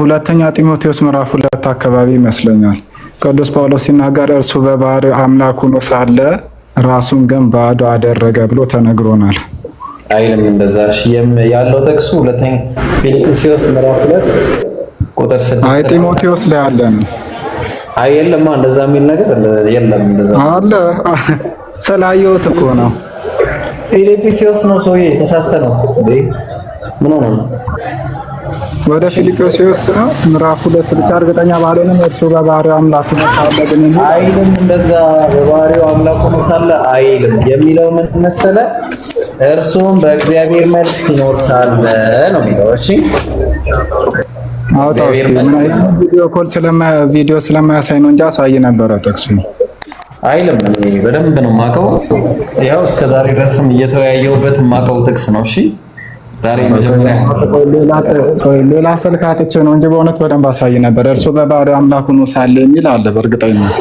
ሁለተኛ ጢሞቴዎስ ምዕራፍ ሁለት አካባቢ ይመስለኛል ቅዱስ ጳውሎስ ሲናገር እርሱ በባህር አምላክ ሆኖ ሳለ ራሱን ግን ባዶ አደረገ ብሎ ተነግሮናል። አይልም እንደዛ ያለው ጥቅሱ ሁለተኛ ፊልጵስዩስ ምዕራፍ ሁለት ቁጥር ስድስት አይ ጢሞቴዎስ ላይ አለ ነው። አይ የለማ እንደዛ የሚል ነገር የለም። እንደዛ አለ ስላየሁት እኮ ነው። ፊልጵስዩስ ነው ሰውዬ ተሳስተ ነው ምን ነው ወደ ፊልጵስዩስ ነው ምዕራፍ ሁለት ብቻ እርግጠኛ ባልሆንም እርሱ በባህሪው አምላክ ነው ሳለ ግን አይልም። እንደዛ በባህሪው አምላክ ነው ሳለ አይልም የሚለው ምን መሰለ? እርሱም በእግዚአብሔር መልክ ሲኖር ሳለ ነው የሚለው። እሺ አውጣው። ቪዲዮ ኮል ስለማ ቪዲዮ ስለማያሳይ ነው እንጂ አሳይ ነበረ ጥቅሱ አይልም። በደንብ ነው የማውቀው። ያው እስከዛሬ ድረስም እየተወያየሁበት የማውቀው ጥቅስ ነው። እሺ ዛሬ መጀመሪያ ሌላ ስልክ አጥቼ ነው እንጂ በእውነት በደንብ አሳይ ነበር። እርሱ በባዶ አምላክ ሆኖ ሳለ የሚል አለ በእርግጠኝነት።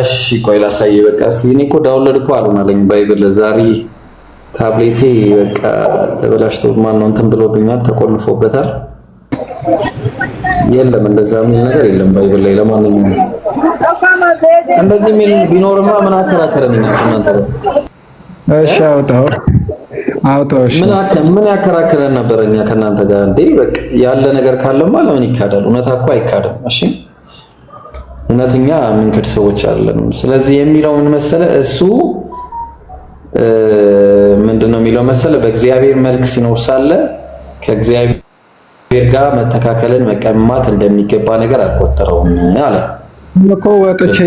እሺ ቆይ ላሳይ። በቃ እስኪ እኔ እኮ ዳውንሎድ እኮ አልሆነልኝ ባይብል። ዛሬ ታብሌቴ በቃ ተበላሽቶ ማነው እንትን ብሎብኛል፣ ተቆልፎበታል። የለም እንደዛ የሚል ነገር የለም ባይብል ላይ። ለማንኛውም እንደዚህ የሚል ቢኖርማ ምን አከራከረን እናንተ? እሺ አውጣው ምን ያከራክረን ነበር? እኛ ከእናንተ ጋር እንዴ በቃ ያለ ነገር ካለማ ለምን ይካዳል? እውነት እኮ አይካድም። እሺ እውነተኛ ምንክድ ሰዎች አይደለንም። ስለዚህ የሚለው ምን መሰለ እሱ ምንድነው የሚለው መሰለ በእግዚአብሔር መልክ ሲኖር ሳለ ከእግዚአብሔር ጋር መተካከልን መቀማት እንደሚገባ ነገር አልቆጠረውም አለ እኮ ወጥቼ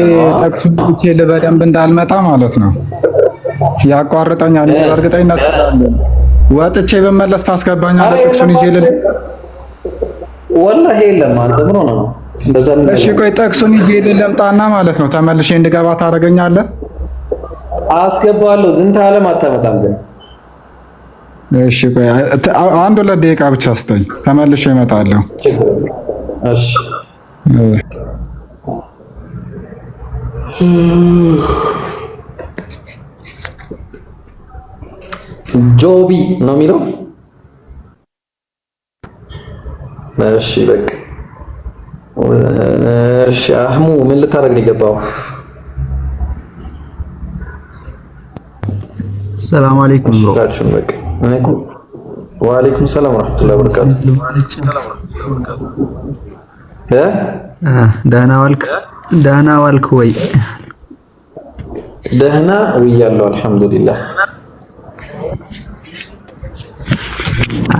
ጠቅሱ ለበደንብ እንዳልመጣ ማለት ነው ያቋርጠኛል። በእርግጠ እናስላለን። ወጥቼ ብመለስ ታስገባኛለህ? ጥቅሱን ይዤ ልል ወላሂ የለም። አንተ ምን ሆነህ ነው? እሺ ቆይ ጥቅሱን ይዤ ልምጣና ማለት ነው ተመልሼ እንድገባ ታደርገኛለህ? አስገባለሁ። ዝንተ ዓለም አታመጣም ግን እሺ ቆይ አንድ ሁለት ደቂቃ ብቻ አስተኝ፣ ተመልሼ እመጣለሁ። እሺ እሺ ጆቢ ነው የሚለው። እሺ በቃ እሺ። አህሙ ምን ልታደርግ ነው የገባው? ሰላም አለይኩም ብሮ በቃ ወአለይኩም ሰላም ወራህመቱላሂ ወበረካቱ። እ ደህና ዋልክ ደህና ዋልክ ወይ? ደህና ውያለሁ አልሐምዱሊላህ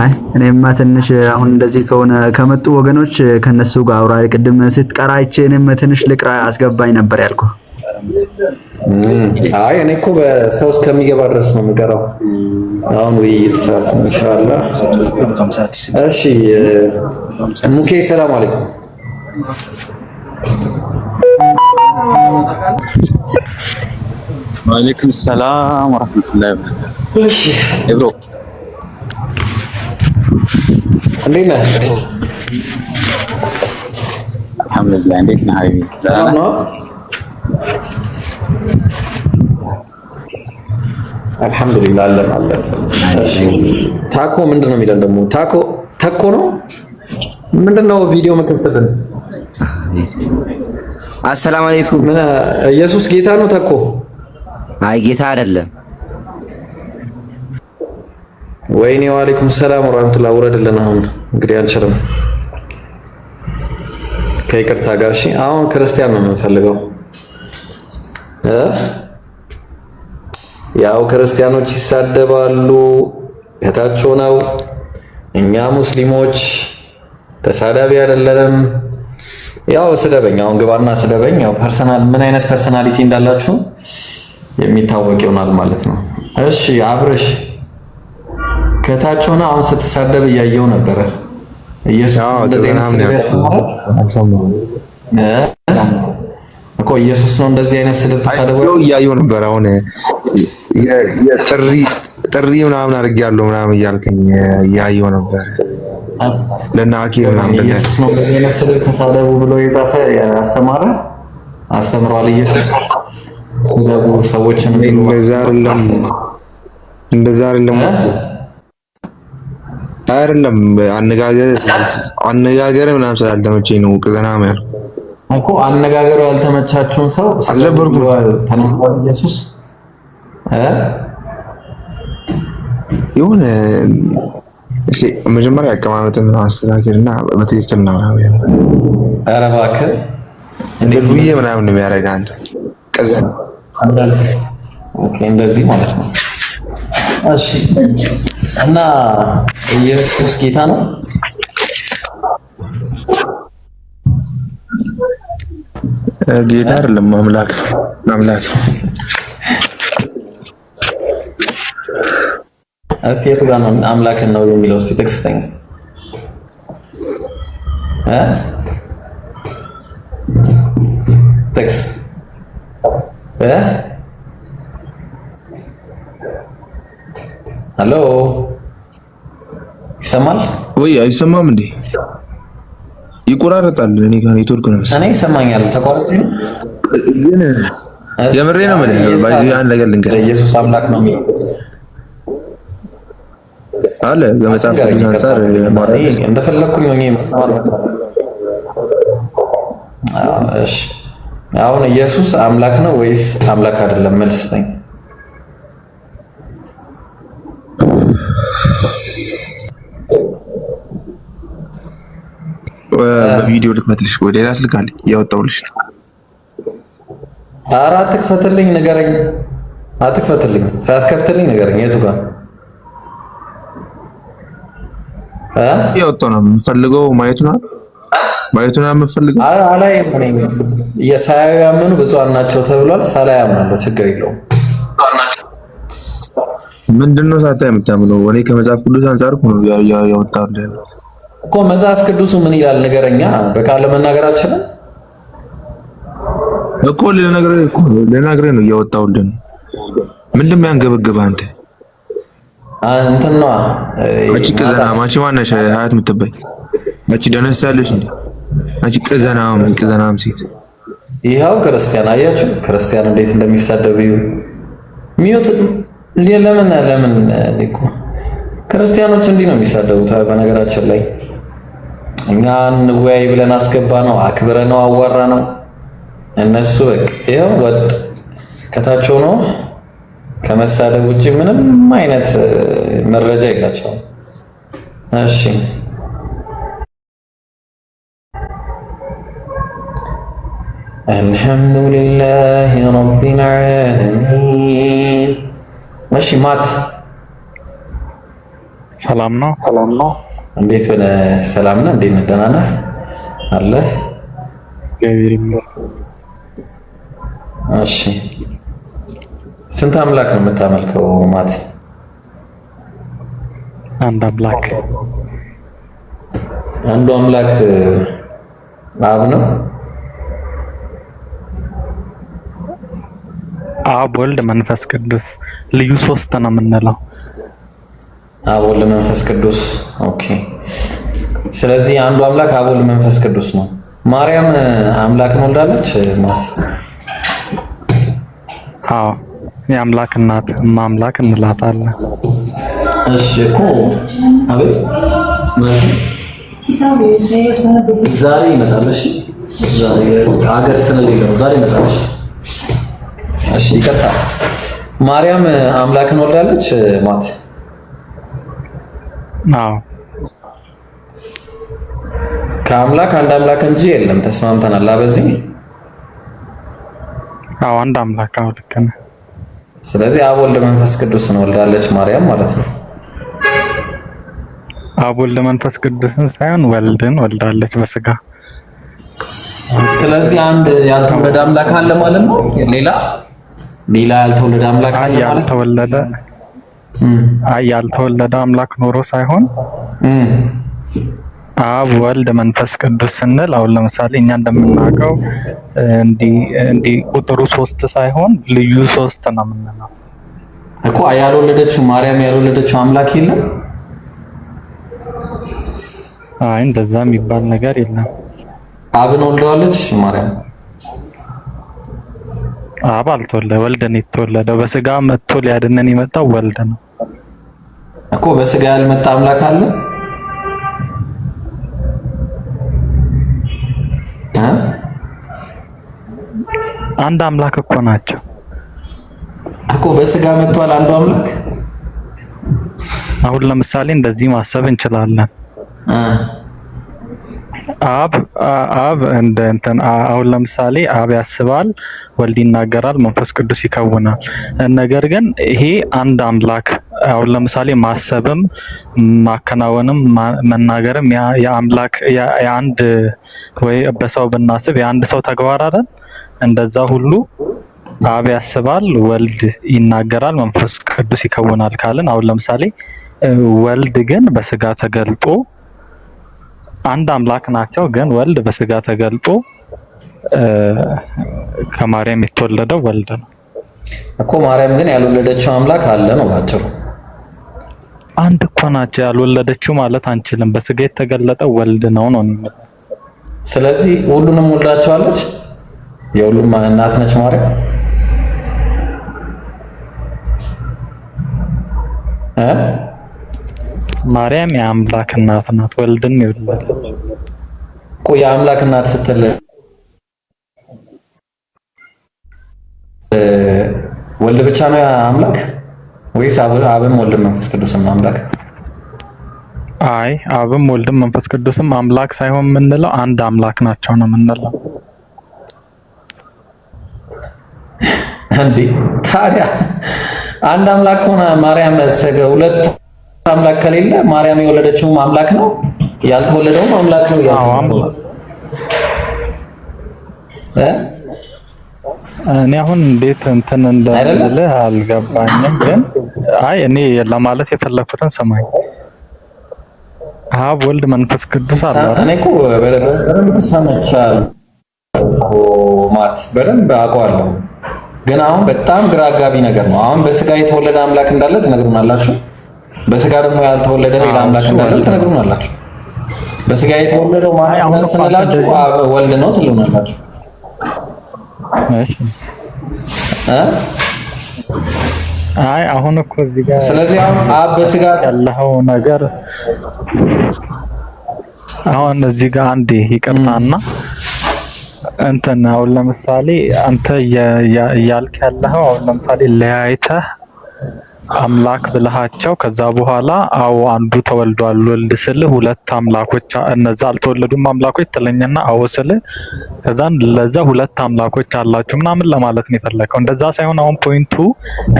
አይ እኔማ ትንሽ አሁን እንደዚህ ከሆነ ከመጡ ወገኖች ከነሱ ጋር አውራ። ቅድም ስትቀራ አይቼ እኔም ትንሽ ልቅራ አስገባኝ ነበር ያልኩ። አይ እኔ እኮ በሰው እስከሚገባ ድረስ ነው የምቀራው። አሁን ውይይት ሰዓት ነው እሺ ሙኬ ሰላም አለይኩም። ወአለይኩም ሰላም ወራህመቱላሂ ወበረካቱ። እሺ ኢብሮ እንዴት ነህ? አልሐምዱሊላህ። እንዴት ነህ ሀቢቢ? ሰላም ነው? አልሐምዱሊላህ አለን አለን። ታኮ ምንድን ነው የሚለን ደግሞ? ታኮ ተኮ ነው ምንድን ነው? ቪዲዮ መከፍተልን። አሰላም አለይኩም። ኢየሱስ ጌታ ነው? ተኮ አይ ጌታ አይደለም። ወይኔ ዋሌኩም ሰላም ወራህመቱላ። ውረድልን። አሁን እንግዲህ አልችልም ከይቅርታ ጋር እሺ። አሁን ክርስቲያን ነው የምንፈልገው። ያው ክርስቲያኖች ይሳደባሉ ከታች ነው። እኛ ሙስሊሞች ተሳዳቢ አይደለንም። ያው ስደበኝ፣ አሁን ግባና ስደበኝ። ያው ፐርሰናል ምን አይነት ፐርሰናሊቲ እንዳላችሁ የሚታወቅ ይሆናል ማለት ነው። እሺ አብረሽ ከታች ሆነ አሁን ስትሳደብ እያየው ነበረ። ኢየሱስ እንደዚህ አይነት እኮ ነው እንደዚህ አይነት ስድብ ተሳደበው እያየው ነበር። አሁን የጥሪ ጥሪ ምናምን አድርጌያለሁ ምናምን እያልከኝ እያየው ነበር። ለናኪ ምናምን ኢየሱስ ነው እንደዚህ አይነት ስድብ ተሳደቡ ብሎ የጻፈ ያስተማረ አስተምሯል። ኢየሱስ ስደቡ ሰዎችን እንደዛ አይደለም እንደዛ አይደለም አይደለም አነጋገር አነጋገር ምናምን ስላልተመቸኝ ነው። ቅዘና ማለት እኮ አነጋገሩ ያልተመቻችሁን ሰው አልነበርኩም። ተናግሯል ኢየሱስ እ የሆነ እሺ፣ መጀመሪያ አቀማመጥን ምናምን አስተካክልና በትክክል ነው። ኧረ እባክህ እንደዚህ ምናምን ነው የሚያደርግ አንተ ቅዘና እንደዚህ ማለት ነው። እሺ እና ኢየሱስ ጌታ ነው። ጌታ አይደለም፣ አምላክ አምላክ። እስቲ የቱ ጋር ነው አምላክን ነው የሚለው? እስቲ ጥቅስ ስጠኝ እስቲ እ ጥቅስ እ ሄሎ ይሰማል ወይ አይሰማም እንዴ? ይቆራረጣል። እኔ ጋር ኔትወርክ ነው መሰለኝ። እኔ ይሰማኛል። ተቋርጬ ግን የምሬ ነው ማለት ነው። ባይዚ አንድ ነገር ልንገርህ፣ ኢየሱስ አምላክ ነው የሚለው አለ ከመጽሐፍ ቅዱስ አንጻር ማለት እንደፈለኩኝ ሆኜ ማስተማር ነው። አሁን ኢየሱስ አምላክ ነው ወይስ አምላክ አይደለም? መልስ ነኝ በቪዲዮ ልክፈትልሽ፣ ወይ ሌላ ስልክ አለ ያወጣውልሽ ነው። ኧረ አትክፈትልኝ፣ ንገረኝ። አትክፈትልኝ፣ ሳትከፍትልኝ ንገረኝ። የቱ ጋር ያወጣው ነው የምፈልገው? ማየቱ ነው ማየቱ ነው የምፈልገው። አላየም። የሳያዩ ያመኑ ብፁዓን ናቸው ተብሏል። ሳላይ አምናለሁ፣ ችግር የለውም። ምንድነው ሳታይ የምታምነው? እኔ ከመጽሐፍ ቅዱስ አንጻር ነው ያወጣው እኮ መጽሐፍ ቅዱሱ ምን ይላል ንገረኛ። በቃል ለመናገር አልችልም እኮ ልነግርህ እኮ ልነግርህ ነው እያወጣሁልህ ነው። ምንድን ነው ያንገበገበህ አንተ? እንትን ነዋ አንቺ ቅዘና አንቺ ማነሽ ሀያት የምትባይ አንቺ ደነስ ያለሽ እንዴ አንቺ ቅዘናም ቅዘናም ሴት ይኸው ክርስቲያን አያችሁ፣ ክርስቲያን እንዴት እንደሚሳደብ እዩ። ሚዩት ለምን ለምን እኮ ክርስቲያኖች እንዲህ ነው የሚሳደቡት በነገራችን ላይ እኛ እንወያይ ብለን አስገባ ነው አክብረ ነው አዋራ ነው። እነሱ ይኸው ወጥ ከታች ሆኖ ከመሳደብ ውጭ ምንም አይነት መረጃ የላቸውም። እሺ አልሐምዱሊላህ ረቢል ዓለሚን። እሺ ማት ሰላም ነው። እንዴት ሆነ? ሰላም ነህ? እንዴት ነህ? ደህና ነህ? አለህ? እሺ። ስንት አምላክ ነው የምታመልከው? ማት አንድ አምላክ። አንዱ አምላክ አብ ነው። አብ፣ ወልድ፣ መንፈስ ቅዱስ ልዩ ሶስት ነው የምንለው አቦ ለመንፈስ ቅዱስ። ኦኬ። ስለዚህ አንዱ አምላክ አቦ ለመንፈስ ቅዱስ ነው። ማርያም አምላክን ወልዳለች ማለት? አዎ የአምላክ እናት ማምላክ እንላታለን። እሺ እኮ አቤት ዛሬ ይመጣለሽ። ዛሬ ሀገር ስለሌለ ነው። ዛሬ ይመጣለሽ። እሺ ይቀጣል። ማርያም አምላክን ወልዳለች ማለት ከአምላክ አንድ አምላክ እንጂ የለም። ተስማምተናል። በዚህ አዎ፣ አንድ አምላክ። አዎ፣ ልክ ነህ። ስለዚህ አብ ወልድ መንፈስ ቅዱስን ወልዳለች ማርያም ማለት ነው። አብ ወልድ መንፈስ ቅዱስን ሳይሆን ወልድን ወልዳለች በስጋ። ስለዚህ አንድ ያልተወለደ አምላክ አለ ማለት ነው። ሌላ ሌላ ያልተወለደ አምላክ አለ ማለት ነው። ያልተወለደ አምላክ ኖሮ ሳይሆን አብ ወልድ መንፈስ ቅዱስ ስንል አሁን ለምሳሌ እኛ እንደምናውቀው እንዲህ ቁጥሩ ሶስት ሳይሆን ልዩ ሶስት ነው የምንለው እኮ። ያልወለደችው ማርያም ያልወለደችው አምላክ የለም። አይ እንደዛ የሚባል ነገር የለም። አብን ወልደዋለች ማርያም። አብ አልተወለደ፣ ወልድ ነው የተወለደው። በስጋ መጥቶ ሊያድነን የመጣው ወልድ ነው። እኮ በስጋ ያልመጣ አምላክ አለ አንድ አምላክ እኮ ናቸው እኮ በስጋ መጥቷል አንዱ አምላክ አሁን ለምሳሌ እንደዚህ ማሰብ እንችላለን አብ አብ እንደ እንትን አሁን ለምሳሌ አብ ያስባል፣ ወልድ ይናገራል፣ መንፈስ ቅዱስ ይከውናል። ነገር ግን ይሄ አንድ አምላክ አሁን ለምሳሌ ማሰብም ማከናወንም መናገርም የአምላክ የአንድ ወይ በሰው ብናስብ የአንድ ሰው ተግባር አይደል? እንደዛ ሁሉ አብ ያስባል፣ ወልድ ይናገራል፣ መንፈስ ቅዱስ ይከውናል ካልን አሁን ለምሳሌ ወልድ ግን በስጋ ተገልጦ አንድ አምላክ ናቸው። ግን ወልድ በስጋ ተገልጦ ከማርያም የተወለደው ወልድ ነው እኮ። ማርያም ግን ያልወለደችው አምላክ አለ ነው ባጭሩ። አንድ እኮ ናቸው። ያልወለደችው ማለት አንችልም። በስጋ የተገለጠ ወልድ ነው ነው። ስለዚህ ሁሉንም ወልዳቸዋለች። የሁሉም እናት ነች ማርያም። ማርያም የአምላክ እናት ናት። ወልድን ይወልዳል እኮ የአምላክ እናት ስትል ወልድ ብቻ ነው አምላክ ወይስ አብም ወልድም መንፈስ ቅዱስም አምላክ? አይ አብም ወልድም መንፈስ ቅዱስም አምላክ ሳይሆን የምንለው አንድ አምላክ ናቸው ነው የምንለው። እንዴ ታዲያ አንድ አምላክ ሆነ። ማርያም ሁለት አምላክ ከሌለ ማርያም የወለደችውም አምላክ ነው፣ ያልተወለደውም አምላክ ነው። ያው አምላክ እኔ አሁን እንዴት እንትን እንደምልህ አልገባኝም። ግን አይ እኔ ለማለት የፈለኩትን ስማኝ። አብ ወልድ መንፈስ ቅዱስ አለ። እኔ እኮ በደንብ ሰምቻለሁ ማት በደንብ አውቀዋለሁ። ግን አሁን በጣም ግራ አጋቢ ነገር ነው። አሁን በስጋ የተወለደ አምላክ እንዳለ ትነግሩናላችሁ፣ በስጋ ደግሞ ያልተወለደ ሌላ አምላክ እንዳለ ትነግሩናላችሁ። በስጋ የተወለደው ማለት ስንላችሁ ወልድ ነው ትሉናላችሁ አይ አሁን እኮ እዚህ ጋር ስለዚህ አሁን አብ በስጋት ያለው ነገር አሁን እዚህ ጋር አንድ ይቅርታና እንትን አሁን ለምሳሌ አንተ እያልክ ያለው አሁን ለምሳሌ ለያይተህ አምላክ ብልሃቸው። ከዛ በኋላ አዎ አንዱ ተወልዷል ወልድ ስልህ ሁለት አምላኮች እነዛ አልተወለዱም አምላኮች ትለኝና አዎ ስልህ ከዛን ለዛ ሁለት አምላኮች አላችሁ ምናምን ለማለት ነው የፈለከው። እንደዛ ሳይሆን አሁን ፖይንቱ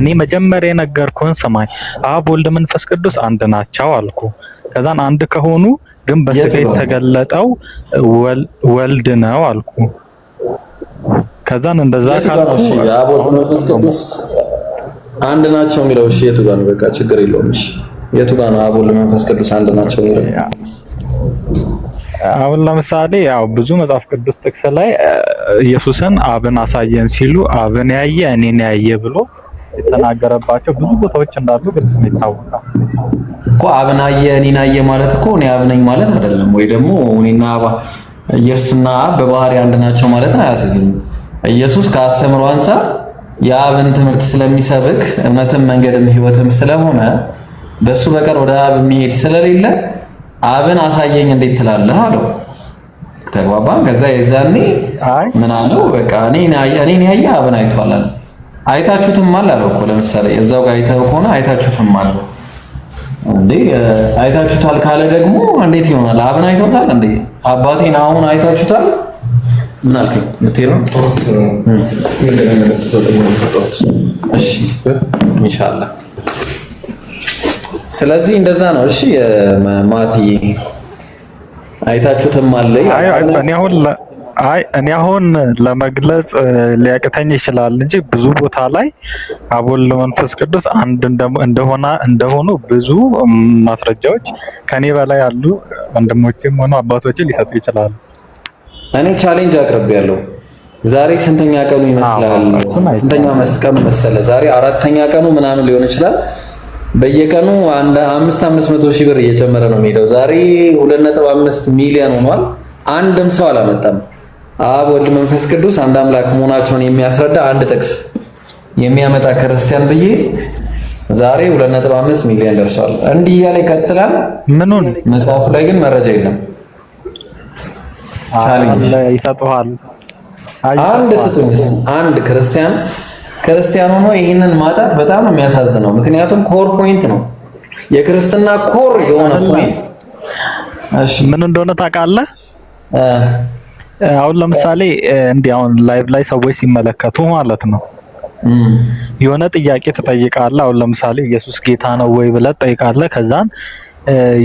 እኔ መጀመሪያ የነገርኩህን ስማኝ፣ አብ ወልድ መንፈስ ቅዱስ አንድ ናቸው አልኩ። ከዛን አንድ ከሆኑ ግን በስጋ የተገለጠው ወልድ ነው አልኩ። ከዛን እንደዛ ካልኩ አንድ ናቸው የሚለው እሺ፣ የቱ ጋር ነው? በቃ ችግር የለውም። እሺ፣ የቱ ጋር ነው? አቡ ለመንፈስ ቅዱስ አንድ ናቸው የሚለው አሁን ለምሳሌ ያው ብዙ መጽሐፍ ቅዱስ ጥቅስ ላይ ኢየሱስን አብን አሳየን ሲሉ አብን ያየ እኔን ያየ ብሎ የተናገረባቸው ብዙ ቦታዎች እንዳሉ ግልጽ ነው፣ ይታወቃል እኮ። አብን አየ እኔን አየ ማለት እኮ እኔ አብ ነኝ ማለት አይደለም። ወይ ደግሞ እኔና አብ ኢየሱስና አብ በባህሪ አንድ ናቸው ማለት አያስይዝም። ኢየሱስ ከአስተምሮ አንፃር የአብን ትምህርት ስለሚሰብክ እምነትም መንገድም ህይወትም ስለሆነ በሱ በቀር ወደ አብ የሚሄድ ስለሌለ አብን አሳየኝ እንዴት ትላለህ አለው። ተግባባን። ከዛ የዛኔ ምን አለው? በቃ እኔን ያየ አብን አይቷል አለ። አይታችሁትማል አለው እኮ ለምሳሌ እዛው ጋር አይተኸው ከሆነ አይታችሁትማል። እንዴ አይታችሁታል ካለ ደግሞ እንዴት ይሆናል? አብን አይቶታል እንዴ? አባቴን አሁን አይታችሁታል ምን አልከኝ? ምትሄድ ነው? እሺ ኢንሻአላህ። ስለዚህ እንደዛ ነው። እሺ ማቲ አይታችሁትም አለ። አይ እኔ አሁን ለመግለጽ ሊያቅተኝ ይችላል እንጂ ብዙ ቦታ ላይ አቦል መንፈስ ቅዱስ አንድ እንደሆነ እንደሆኑ ብዙ ማስረጃዎች ከኔ በላይ ያሉ ወንድሞችም ሆነ አባቶችን ሊሰጡ ይችላሉ። እኔ ቻሌንጅ አቅርቤያለሁ። ዛሬ ስንተኛ ቀኑ ይመስላል? ስንተኛ ቀኑ መሰለ? ዛሬ አራተኛ ቀኑ ምናምን ሊሆን ይችላል። በየቀኑ አንድ አምስት አምስት መቶ ሺህ ብር እየጨመረ ነው የሚሄደው። ዛሬ ሁለት ነጥብ አምስት ሚሊዮን ሆኗል። አንድም ሰው አላመጣም። አብ ወልድ መንፈስ ቅዱስ አንድ አምላክ መሆናቸውን የሚያስረዳ አንድ ጥቅስ የሚያመጣ ክርስቲያን ብዬ ዛሬ 2.5 ሚሊዮን ደርሷል። እንዲህ እያለ ይቀጥላል። ምኑን መጽሐፉ ላይ ግን መረጃ የለም። ይሰጡሃል። አንድ ስጡኝ፣ አንድ ክርስቲያን ክርስቲያን ሆኖ ይህንን ማጣት በጣም ነው የሚያሳዝነው። ምክንያቱም ኮር ፖይንት ነው የክርስትና ኮር የሆነ ፖይንት። እሺ ምን እንደሆነ ታውቃለህ? አሁን ለምሳሌ እንዲህ አሁን ላይቭ ላይ ሰዎች ሲመለከቱ ማለት ነው የሆነ ጥያቄ ትጠይቃለህ። አሁን ለምሳሌ ኢየሱስ ጌታ ነው ወይ ብለህ ትጠይቃለህ። ከዛን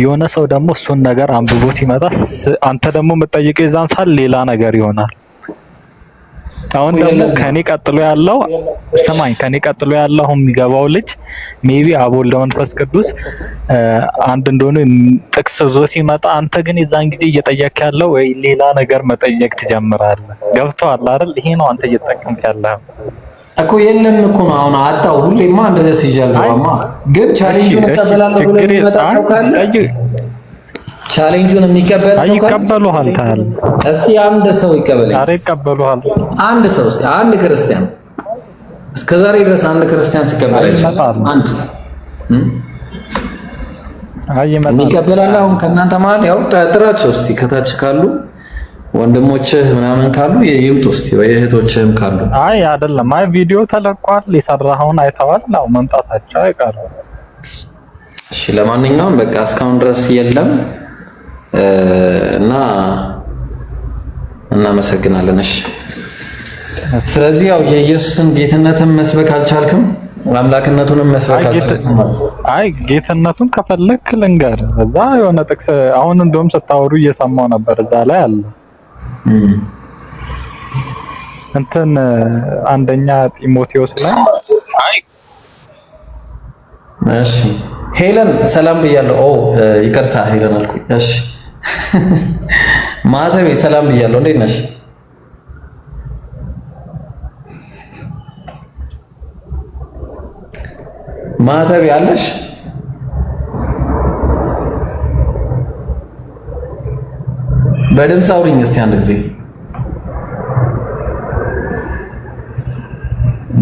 የሆነ ሰው ደግሞ እሱን ነገር አንብቦ ሲመጣ አንተ ደግሞ የምትጠይቀው የዛን ሰዓት ሌላ ነገር ይሆናል። አሁን ደግሞ ከኔ ቀጥሎ ያለው ስማኝ፣ ከኔ ቀጥሎ ያለው አሁን የሚገባው ልጅ ሜቢ አብ ወልድ መንፈስ ቅዱስ አንድ እንደሆነ ጥቅስ ዞ ሲመጣ፣ አንተ ግን የዛን ጊዜ እየጠየቅ ያለው ወይ ሌላ ነገር መጠየቅ ትጀምራለህ። ገብቶሃል አይደል? ይሄ ነው አንተ እየተጠቀምክ ያለህ። እኮ የለም እኮ ነው። አሁን አጣው ሁሌማ እንደደስ ይጀልባማ ግን ቻሌንጁን ተበላለ ብሎ የሚመጣ ሰው ካለ ቻሌንጁን የሚቀበል ሰው ካለ ይቀበሉሃል። እስቲ አንድ ሰው ይቀበለኝ። አሬ ይቀበሉሃል። አንድ ሰው እስቲ አንድ ክርስቲያን እስከ ዛሬ ድረስ አንድ ክርስቲያን ሲቀበል አይቻልም። አንድ አይ ይመጣል። ይቀበላል። አሁን ከእናንተ ማለት ያው ጥራቸው እስቲ ከታች ካሉ ወንድሞችህ ምናምን ካሉ ይምጡ እስቲ፣ ወይ እህቶችህም ካሉ። አይ አይደለም፣ አይ ቪዲዮ ተለቋል፣ የሰራኸውን አይተዋል። ነው መምጣታቸው አይቀርም። እሺ፣ ለማንኛውም በቃ እስካሁን ድረስ የለም እና እናመሰግናለን። እሺ፣ ስለዚህ ያው የኢየሱስን ጌትነትን መስበክ አልቻልክም፣ አምላክነቱንም መስበክ አልቻልክም። አይ ጌትነቱን ከፈለክ ልንገር፣ እዛ የሆነ ጥቅስ አሁን እንደውም ስታወሩ እየሰማው ነበር፣ እዛ ላይ አለ እንትን አንደኛ ጢሞቴዎስ ላይ እሺ፣ ሄለን ሰላም ብያለሁ። ኦ ይቅርታ ሄለን አልኩኝ። እሺ ማህተቤ ሰላም ብያለሁ። እንዴት ነሽ? ማተቤ አለሽ? በድምፅ አውሪኝ እስቲ አንድ ጊዜ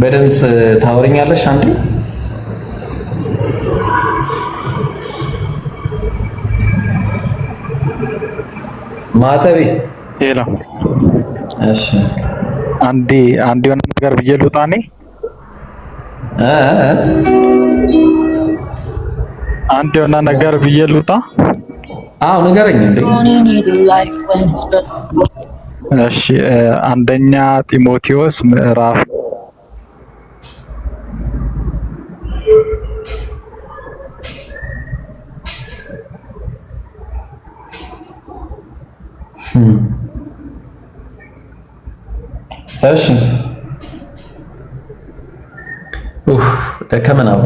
በድምፅ ታወሪኛለሽ? አንዴ ማተቤ ሄላ። እሺ አንዴ አንዴ የሆነ ነገር ብዬ ልውጣ እኔ አንድ የሆነ ነገር ብዬ ልውጣ አዎ ንገረኝ እንዴ። እሺ አንደኛ ጢሞቴዎስ ምዕራፍ እሺ ኡህ ደከመናው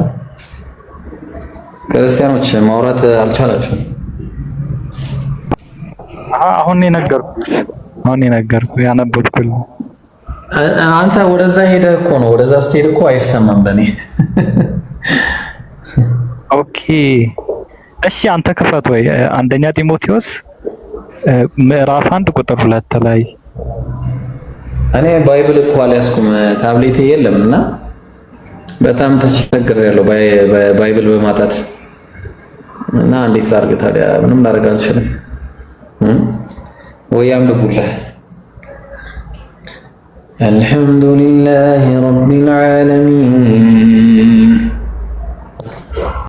ክርስቲያኖች ማውራት አልቻላችሁም። አሁን ነገርኩ አሁን ነገርኩ ያነበብኩል አንተ ወደዛ ሄደህ እኮ ነው። ወደዛ ስትሄድ እኮ አይሰማም በኔ። ኦኬ እሺ፣ አንተ ክፈት ወይ አንደኛ ጢሞቴዎስ ምዕራፍ አንድ ቁጥር ሁለት ላይ እኔ ባይብል እኮ አልያዝኩም ታብሌቴ የለም እና በጣም ተቸግሬያለሁ ባይብል በማጣት እና እንዴት ላድርግ ታዲያ? ምንም ላድርግ አልችልም። ويعمدكله الحمد لله رب العالمين